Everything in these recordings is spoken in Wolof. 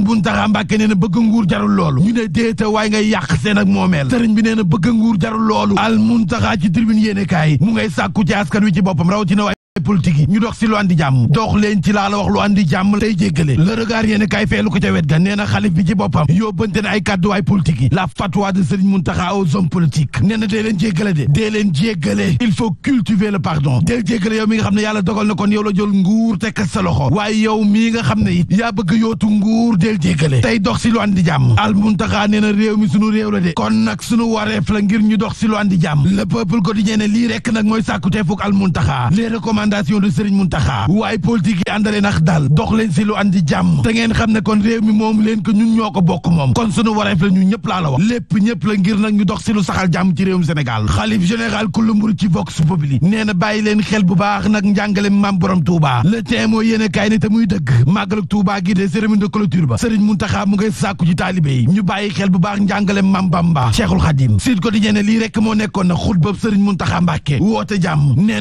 Muntaxa Mbàkke nee na bëgg nguur jarul loolu ñu ne déeta waaye ngay yàq seen ak moomeel bi nee bëgg nguur jarul loolu al Muntaxa ci tribune yéene kaay mu ngay sàkku ci askan wi ci boppam rawatina waay politique yi ñu dox si lu andi jàmm dox leen ci laa la wax lu andi jàmm tey jéggale le regard yéen kaay feelu ko ca wet ga nee xalif bi ci boppam yóbbante na ay kàdduwaay politique yi la fatwa de Serigne Mountakha aux hommes politiques nee na dee leen jéggale de dee leen jéggale il faut cultiver le pardon deel jéggale yow mi nga xam ne yàlla na kon yow la jël nguur tekk yow mii nga xam ne it yaa bëgg yootu nguur deel jéggale tey dox si lu andi jàmm al Mountakha nee na réew mi sunu réew la de kon nag sunu wareef la ñu dox si lu andi jàmm le peuple quotidien ne lii rek nag recommandation de Serigne Mountakha waaye politique yi àndale nax daal dox leen si lu jàmm te ngeen xam ne kon réew mi moom leen ko ñun ñoo ko bokk moom kon sunu wareef la ñu ñëpp laa la wax lépp ñëpp la ngir nag ñu dox si saxal jàmm ci réewum Sénégal xalif général Kulumbur ci Vox Populi nee na bàyyi leen xel bu baax nag njàngale maam borom Touba le thème mooy yéene kaay te muy dëgg màggalu Touba gi de cérémonie de clôture ba Serigne Mountakha mu ngay sàkku ci taalibe ñu bàyyi bu baax njàngale maam Bamba Cheikhul Khadim Sud Quotidien lii moo nekkoon na xutba Serigne Mountakha Mbacké woote jàmm nee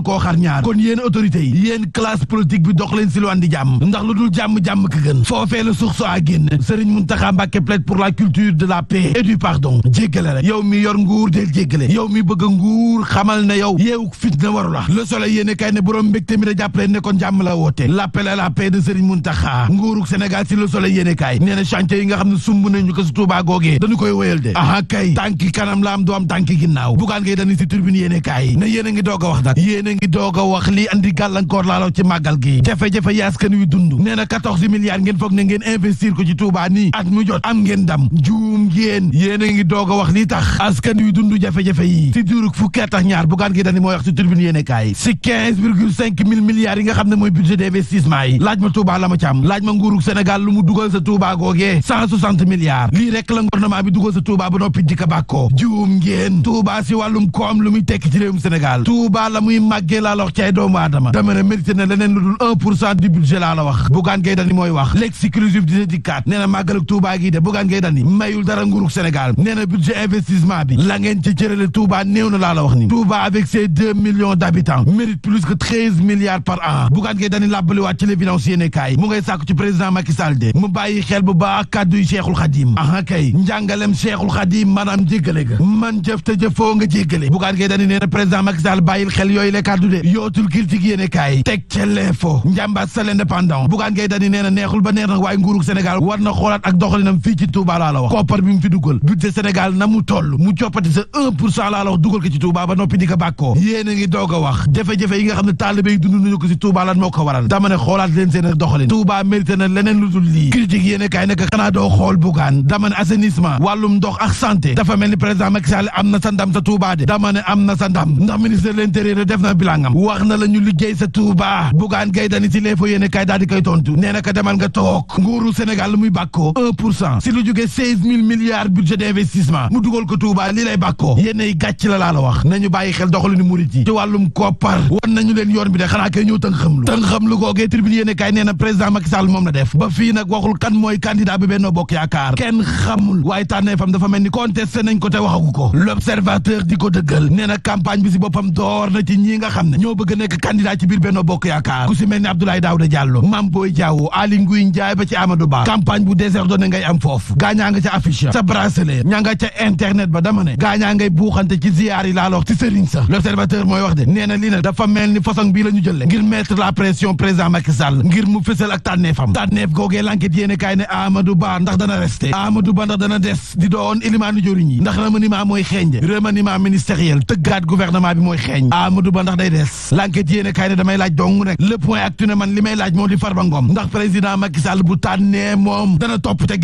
mënu koo ñaar kon yéen autorités yi yéen classe politique bi dox leen si lu andi jàmm ndax lu dul jàmm-jàmm ka gën foofee la suux soo a génn Serigne Mountakha Mbacké la culture de la paix et du pardon jéggale yow mi yor nguur del jéggale yow mi bëgg nguur xamal ne yow yeewu fi de waru la le soleil yéene kay ne borom mbégte mi da jàppale ne kon jàmm la woote l'appel à la paix de Serigne Mountakha nguurug Sénégal si le soleil yéene kay nee na yi nga xam ne sumb nañu ko si Touba googee dañu koy wéyal de aha kay tànki kanam la am du am tànki ginnaaw bugaan ngay si tribune yéene kay ne yéen a ngi doog a wax nag yéen a ngi doog a wax li andi gàllankoor laalaw ci màggal gi jafe-jafe yi askan wi dund nee na 14 milliards ngeen foog ngi doog wax li tax askan wi dund jafe-jafe yi si diirug turbine yéene kaay si 15 virgule 5 mille milliards yi nga xam ne mooy budget d'investissement yi laaj ma Touba la ma ci laaj ma nguurug Sénégal lu mu dugal sa Touba googee 160 milliards lii rek la gouvernement bi dugal sa Touba ba noppi di si wàllum koom lu tekki ci réewum Sénégal Touba la muy màggee laa la wax ci ay doomu aadama dama ne mérité na leneen lu dul 1 pour cent du budget laa la wax Bougane Gueye Dany mooy wax l'exclusif di dédicat nee na màggalug Touba gii bi la ngeen millions d'habitants mérite plus que treize milliards par an Bougane Gueye Dany làbbaliwaat ci l'évidence yéene kaay mu ngay sàkku ci président Macky Sall de mu bàyyi xel bu baax kàddu yi Cheikhul Khadim aha kay njàngalem Cheikhul Khadim maanaam jéggale ga man jëf te jëfoo nga jéggale Bougane Gueye Dany nee na président Macky Sall bàyyil xel yooyu le kàddu de yootul critique yéene kaay teg ca l'info njàmbaat sa l'indépendant Bougane Gueye Dany neexul ba neex nag waaye nguurug Sénégal war na xoolaat ak doxalinam fii ci Touba laa la wax koppar mu fi dugal budget Sénégal na mu toll mu coppati sa un pour cent laa la wax dugal ko ci Touba ba noppi di ko bàkkoo ngi doog a wax jafe-jafe yi nga xam ne taalibe yi dund nañu ko ci Touba lan moo ko waral dafa mel ni président Macky Sall am na sa ndam na sa ndam ndax ministre de def na bilangam wax na la ñu liggéey sa Touba bugaan gay dani ci l'info yéene kaay daal di koy tontu nee na ko demal nguuru Sénégal muy bàkkoo un pour cent si lu jógee seize mille milliards budget d'investissement mu dugal ko Touba li lay bàkkoo yéenay gàcc la laa la wax nañu bàyyi xel doxalinu murit yi ci wàllum koppar wan nañu leen yoon bi de xanaa kay ñëw tënk xam lu tënk xam lu googee tribune président Macky Sall moom la def ba fii nag waxul kan mooy candidat bi Benno Bokk Yaakaar kenn xamul waaye tànnee fam dafa mel ni contesté nañ ko te waxagu ko l'observateur di ko dëggal nee na campagne bi si boppam door ci ñi nga xam ne ñoo bëgg nekk candidat ci biir Benno Bokk Yaakaar ku si mel ni Abdoulaye Daouda Diallo Mame Boye Diao Ali Ngouille mooy wax de nee na lii nag dafa mel ni façon bii la ñu jëlle ngir mettre la pression président Macky Sall ngir mu fësal ak tànneefam tànneef googee l'enquête yéene kaay ne Amadou Ba ndax dana resté Amadou Ba ndax dana des di doon ilimaanu joriñ yi ndax mooy xeeñ de remaniement ministériel tëggaat gouvernement bi mooy xeeñ Amadou Ba ndax day des l'enquête yéene kaay ne damay laaj dong rek le point actu ne man li may laaj moom di Farba Ngom ndax président Macky bu tànnee moom dana topp te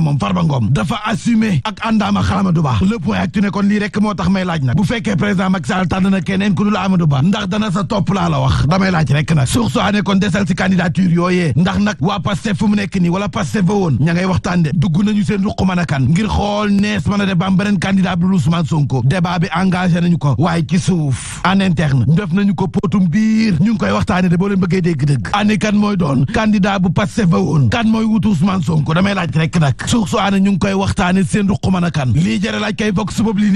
ne moom Farba Ngom dafa assumer ak àndaama Amadou Ba le point ak tu kon lii rek moo tax may laaj nag bu fekkee président Macky Sall tànn na keneen ku dul Amadou Ba ndax dana sa topp laa la wax damay laaj rek nag sur soo ne kon desal si candidature yooyee ndax nag waa Pastef fu mu nekk nii wala Pastef ba woon ña waxtaan de dugg nañu seen ruq mën a kan ngir xool nees mën a def ba am beneen candidat bu Sonko débat bi engagé nañu ko waaye ci suuf en interne def nañu ko potum biir ñu ngi koy waxtaane de boo leen bëggee dégg-dëgg ani kan mooy laaj rek nag suuf su aane ñu ngi koy waxtaane seen ruqu mën a kan lii jërë laaj kay bokk suba li